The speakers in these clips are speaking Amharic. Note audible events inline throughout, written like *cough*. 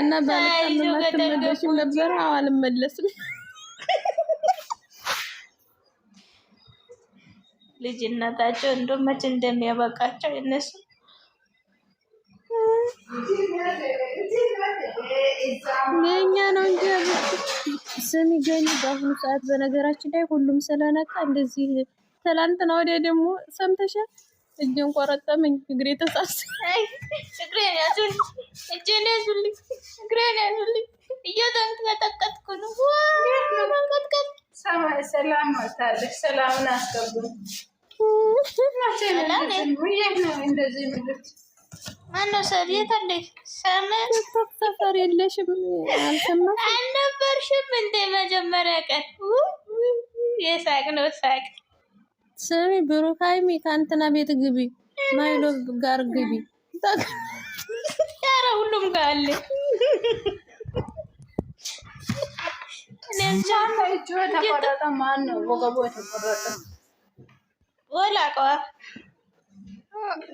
እና ባለሽም ነበር። አዎ አልመለስም። ልጅነታቸው እንዶ መቼ እንደሚያበቃቸው እነሱ የእኛ ነው እንጂ ስሚገኙ በአሁኑ ሰዓት በነገራችን ላይ ሁሉም ስለነቃ እንደዚህ ትላንትና ወዲያ ደግሞ ሰምተሻል። እጄን ቆረጠመኝ። እግሬ ተሳስ እግሬን ያዙልኝ፣ እጄን ያዙልኝ፣ እግሬን ያዙልኝ። እየተንቀጠቀጥኩ ነው። መንቀጥቀጥ ሰላም አታለች። ሰላምን አስገቡኝ። ማነው ሰብ የት አለሽ? የለሽም? አልሰማሽም አልነበርሽም እንዴ? መጀመሪያ ቀን የሳቅ ነው ሳቅ ስሚ ብሩክ ሀይሚ ከእንትና ቤት ግቢ፣ ማይሎ ጋር ግቢ። ኧረ ሁሉም ጋር አለ።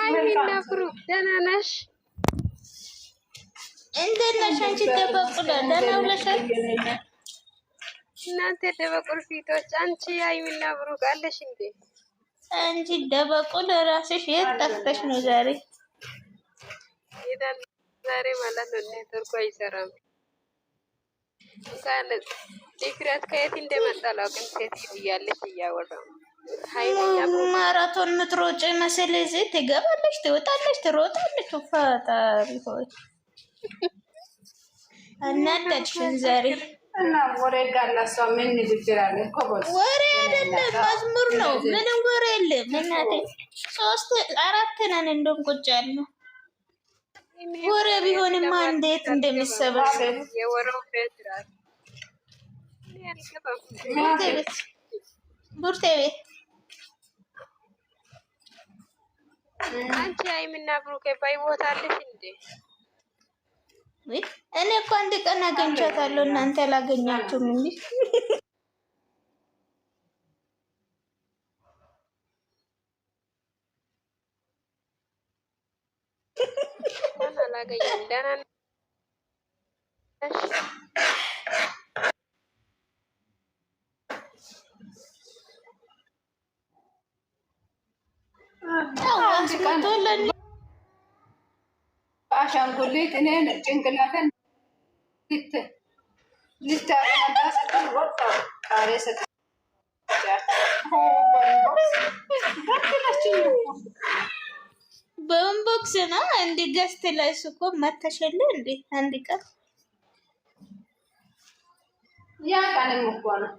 ሀይሚና ብሩክ ደህና ነሽ? እንዴት ነሽ አንቺ? ደበቁ ደህና ውለሻል። እናንተ ደበቁ ፊቶች። አንቺ ሀይሚና ብሩክ አለሽ እንዴ? አንቺ ደበቁ ለራስሽ የት ጠፍተሽ ነው ዛሬ? ዛሬ ማለት ነው ኔትወርኩ አይሰራም። ዲክሪያት ከየት እንደመጣለው ግን ሴት እያለች እያወራው ማራቶን ምትሮጭ መስል እዚህ ትገባለች፣ ትወጣለች፣ ትሮጣለች። ፈጣሪ ሆይ *laughs* አናደድሽን ዛሬ እና ወሬ ጋር ምን ንግግር አለ? ወሬ አይደለም መዝሙር ነው። ምንም ወሬ የለም። እናቴ ሶስት አራት ነን እንደውም ቁጭ ያለው ወሬ ቢሆንማ እንዴት እንደሚሰበሰብ ቡርቴ ቤት አንቺ አይምና ብሩኬ ባይቦታለሽ እንዴ? እኔ እኮ አንድ ቀን አገኝቻታለሁ እናንተ አላገኛችሁም እንጂ አላገኝም። አሻንጉሊት እኔን ጭንቅላቴን ልታረዳ ስትል ወጣ ቃሬ በኢንቦክስ ነው። እንዲ ገስት ላይ ስኮ መተሸለ እንዲ አንድ ቀን ያን ቀን እኮ ነው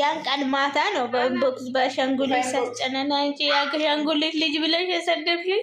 ያን ቀን ማታ ነው በኢንቦክስ በአሻንጉሊት ሳስጨነና እንጂ የአሻንጉሊት ልጅ ብለሽ የሰደብሽኝ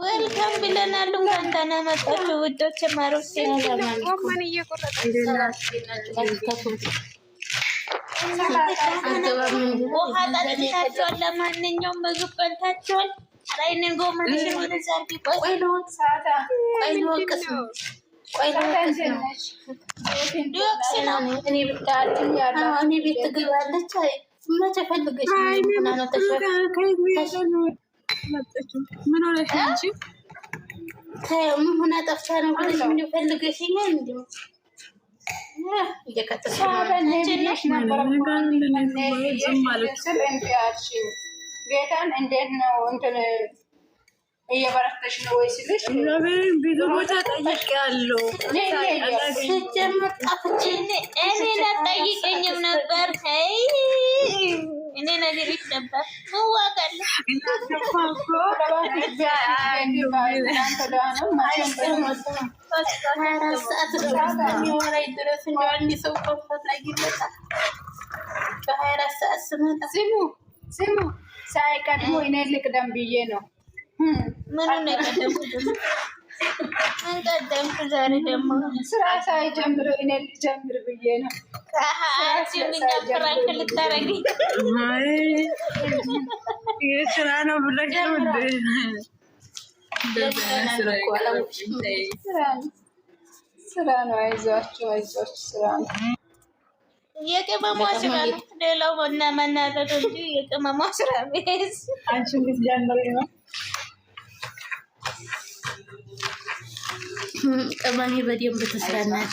ወልከም ብለናል። እንኳን ደህና መጣችሁ ውዶች ለማንኛውም ምግብ በልታችኋል? ራይንን ጎመን ሽሆነ ዛርቢ ቆይ ምን ሆነሽ አንቺ? ሆና ጠፍታ ነው ብለሽ ወይ ስልሽ ብዙ ቦታ ጠይቄያለሁ። ስጀምር ጠፍቼ እኔ ጠይቀኝም ነበር እኔ ነግሬሽ ነበር። ስሙ ሳይቀድሞ እኔ ልቅደም ብዬ ነው። ምኑን ቀደምኩ? ዛሬ ደግሞ ስራ ሳይጀምር እኔ ልጀምር ነው። ስራ ነው ብለሽ ነው እንደ ስራ ነው። አይዟችሁ አይዟችሁ፣ ስራ ነው። የቅመሟ ስራ ነው። ሌላው እና መናደዱ እንጂ የቅመሟ ስራ ቤዝ አንቺ እንዴት ጀምሪ ነው ቅመሜ በደንብ ተስራ እናቴ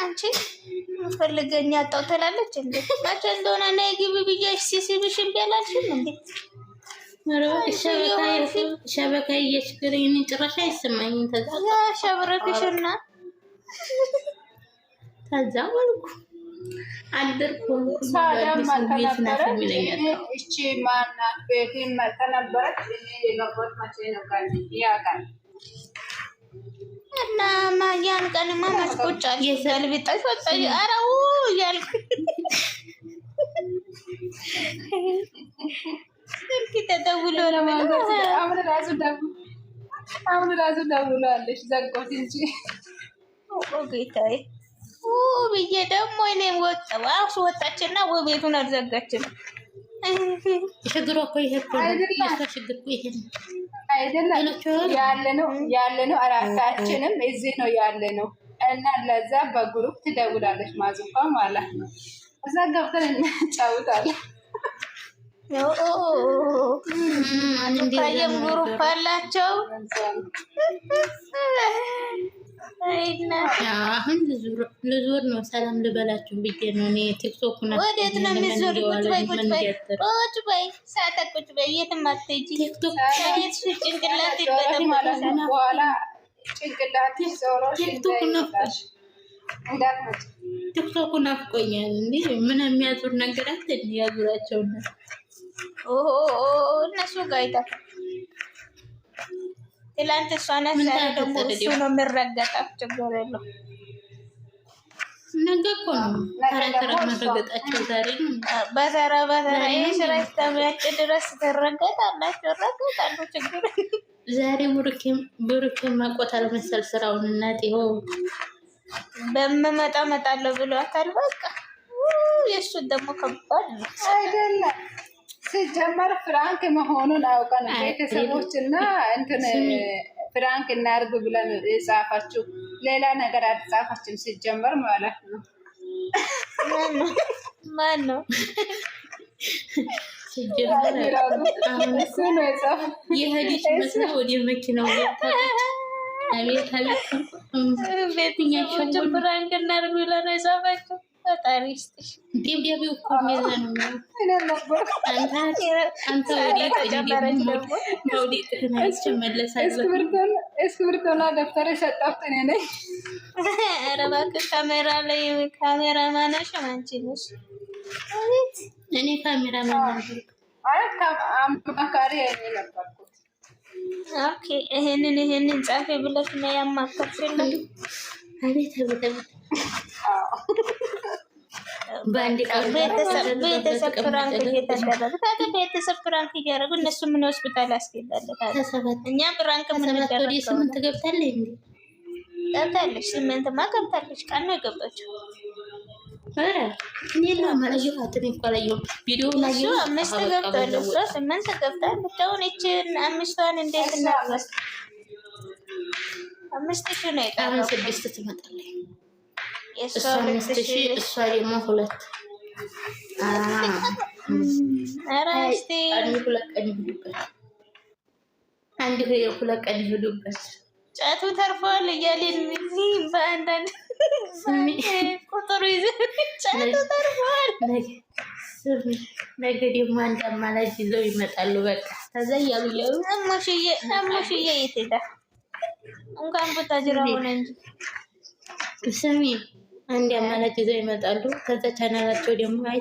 አንቺ ፈልገኝ አጣው ትላለች እንዴ? መቼ እንደሆነ ነይ ግቢ ብዬሽ ሲሲብሽ እምቢ አላልሽም እንዴ? ሸበካ እየችግረኝ ጭራሽ አይሰማኝም። ተዛ ሸብረክሽና ከዛ ወልኩ አደርኩ እቺ ማናት ቤቴ መተነበረች ነበረት መቼ ነው ያውቃል እና ያን ቀንማ ማስቆጫ የሰልቤጣ ሰጠኝ። አረው እያልኩ ስልክ ተደውሎ አሁን ራሱ ደውላለች ዘጎት እንጂ ጌታዬ ብዬ ደግሞ እኔም ወጣ አውስ ወጣችና ወቤቱን አልዘጋችም። ችግሯ እኮ ይሄ ችግር ይሄ አይደለም ያለነው ነው እራሳችንም እዚህ ነው ያለ ነው። እና ለዛ በግሩፕ ትደውላለች ማዝፋ ማለት ነው። እዛ ገብተን እንጫወታለን። ታየም ግሩፕ አላቸው። አሁን ልዙር ነው። ሰላም ልበላችሁ ብዬ ነው እኔ ቲክቶክ ነው። ወዴት ነው የሚዞር? ቁጭ በይ ቁጭ በይ ቁጭ በይ ሳታ ቁጭ በይ የትም አትሄጂ። ቲክቶክ ጭንቅላት ቲክቶክ ናፍቆኛል። እንዴ ምን የሚያዙር ነገር አለ? ያዙራቸውና እነሱ ጋር ትላንት እሷ ናት፣ ዛሬ ደግሞ እሱ ነው የሚረገጣት። ችግር የለውም። ነገ እኮ ነው ተራ ተራ መረገጣቸው ዛሬ ነው። በተራ በተራ ይህ ስራ እስከሚያጭ ድረስ ትረገጣላቸው፣ ረገጣሉ። ችግር ማቆታል መሰል ስራውን እናት በምመጣ መጣለሁ ብሏታል። በቃ የእሱን ደግሞ ከባድ ነው አይደለም ሲጀመር ፍራንክ መሆኑን አውቀን ቤተሰቦች እና እንትን ፍራንክ እናርግ ብለን የጻፋችሁ ሌላ ነገር አልጻፋችም። ሲጀመር ማለት ነው። ማን ነው የሄደች መስላ ወደ መኪናው ቤትኛቸው ፍራንክ እናርግ ብለን የጻፋችሁ ፈጣሪ ይስጥሽ። ደብዳቤው እስክብርቶና ደብተር እኔ ነኝ። ኧረ እባክህ ካሜራ ላይ ካሜራ ማነሽ አንቺ ነሽ። እኔ ካሜራ ነበርኩት። ይሄንን ይሄንን ጻፌ ብለሽ ነው ያማከርሽልኝ ቤተሰብ ፍራንክ እያደረጉ እነሱ ምን ሆስፒታል አስገባለታል። እኛ ፍራንክ ስምንት ገብታለች ገብታለች፣ ስምንትማ ገብታለች። ቃል ነው የገባችው። አምስት ገብታለች፣ ስምንት ገብታለች። አምስቷን እንዴት እናስ አምስት ሺህ ነው የቀረው። ስድስት ትመጣለች እሷ አምስት ሺህ እሷ ደግሞ ሁለት አንድ ሁለት ቀን ይሄዱበት ጫቱ ተርፏል እያለን በአንዳንድ ቁጥሩ ይዘን ጫቱ ተርፏል። ነገ ደግሞ አንድ አማላጅ ይዘው ይመጣሉ። በቃ ተዛ እያሉ እያሉ የት ሄዳ እንኳን ብታጅራ ሆነ እንጂ ስሚ፣ አንድ አማራጭ ይዘው ይመጣሉ። ከዛ ቻናላቸው ደግሞ አይ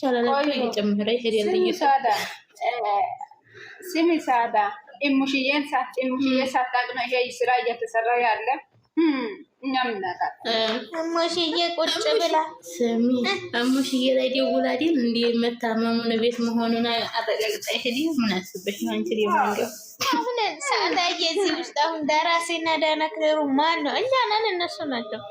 ቻናላቸው እየጨመረ ይሄዳል። ስሚ ሳዳ፣ ሳት ሳታቅ ነው ይሄ ስራ እየተሰራ ያለ እሙሽዬ ቁጭ ብላ ስሚ፣ እሙሽዬ ላይ ደውላ አይደል መታመሙን ቤት መሆኑን አረጋግጣ ይሄድ ምን አስበሽ ነው አንቺ ደግሞ እስካሁን ሰዓት ውስጥ አሁን ደራሴና ዳና ማን ነው? እኛ ነን፣ እነሱ ናቸው።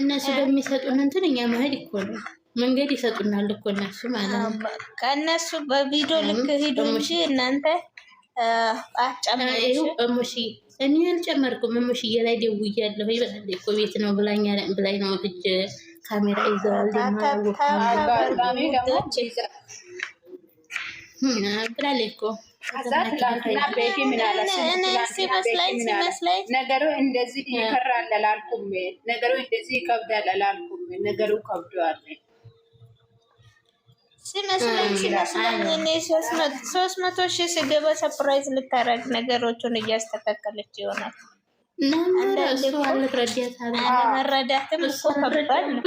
እነሱ በሚሰጡን እንትን እኛ መሄድ ይኮናል። መንገድ ይሰጡናል እኮ እነሱ ማለት ነው። ከእነሱ በቪዲዮ ልክ ሂዱ እንጂ እናንተ አጨምሩ። እሙሽ እኔ አልጨመርኩም። እሙሽዬ ላይ ደውያለሁ ይበላል እኮ ቤት ነው ብላኛ ብላይ ነው ልጅ ካሜራ ይዘዋል ብላል እኮ ነገሩ እንደዚህ ይከራል አላልኩም። ነገሩ እንደዚህ ይከብዳል አላልኩም። ነገሩ ከብደዋል። ሲመስለኝ ሲመስለኝ እኔ ሶስት መቶ ሺህ ስገባ ሰፕራይዝ ልታረግ ነገሮቹን እያስተካከለች ይሆናል። አለመረዳትም እኮ ከባድ ነው።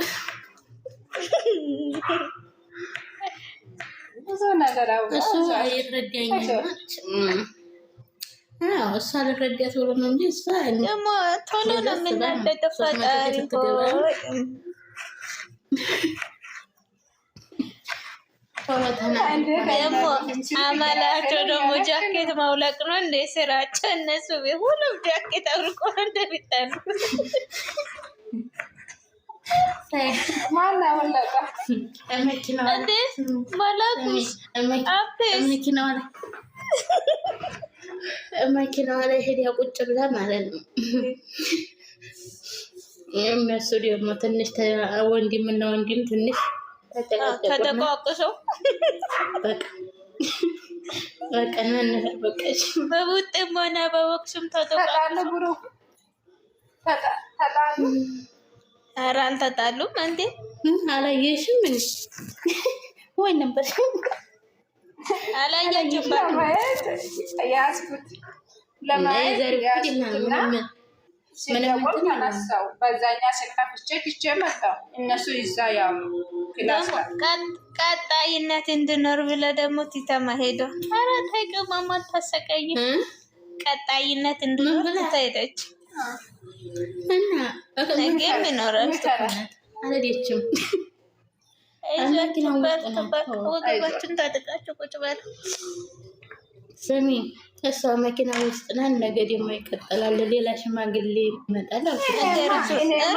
እሷ አልረዳት ብሎ ነው እንጂ እሷ ደግሞ ቶሎ ነው የምናደደው ፈጣሪ አማላቸው ደግሞ ጃኬት ማውለቅ ነው እንደ ስራቸው። እነሱ ሁሉም ጃኬት አውልቆ እንደሚጣሉ መኪናዋ ላይ ሄዳ ቁጭ ብላ ማለት ነው። እነሱ ደግሞ ትንሽ ወንድምና ወንድም ትንሽ ተጠቋቅሰው በቃ በቃ እንመንህር በቃሽ በቡጥም ሆነ በወቅሽም ተጠቋቅሰው ኧረ አልተጣሉም። እንዴ አላየሽም? ምን ወይ ነበር አላየሽም? በዛኛ ስልክ ከፍቼ ትቼ መጣሁ። እነሱ ይዛ ያሉ ቀጣይነት እንድኖር ብለ ደግሞ ቲተማ ሄዶ ኧረ ተይ ቅመማ ታሰቀኝ። ቀጣይነት እንድኖር ብለ ተሄደች እና ነገም ይኖራል አለችም። ስሚ። እሷ መኪና ውስጥ ናት። ነገ ደግሞ ይቀጥላል። ሌላ ሽማግሌ ይመጣል።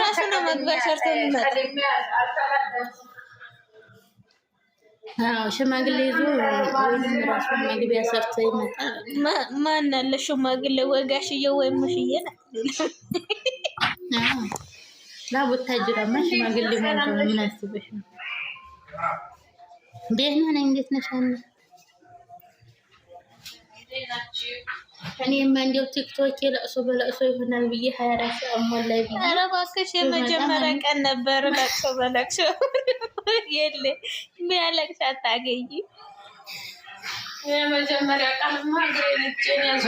ራሱ ነው መግቢያ ሰርቶ የሚመጣ ሽማግሌ ይዞ ወይም ራሱ መግቢያ ሰርቶ ይመጣል። ማን አለ ሽማግሌ ወይ ጋሽዬ ወይ ሙሽዬ ሽማግሌ ምን አስበሽ ነው? ደህና ነኝ። እንዴት ነሽ? እኔማ እንደው ቲክቶክ ለእሱ በለእሱ ይሆናል ብዬ ሀያ አራት ሰዓት ሞላኝ ኧረ እባክሽ የመጀመሪያ ቀን ነበር ለቅሶ በለቅሶ *laughs* የለ የሚያለቅስ አታገኝም። የመጀመሪያ ቀንማ ግሬ ልጄን ያዙ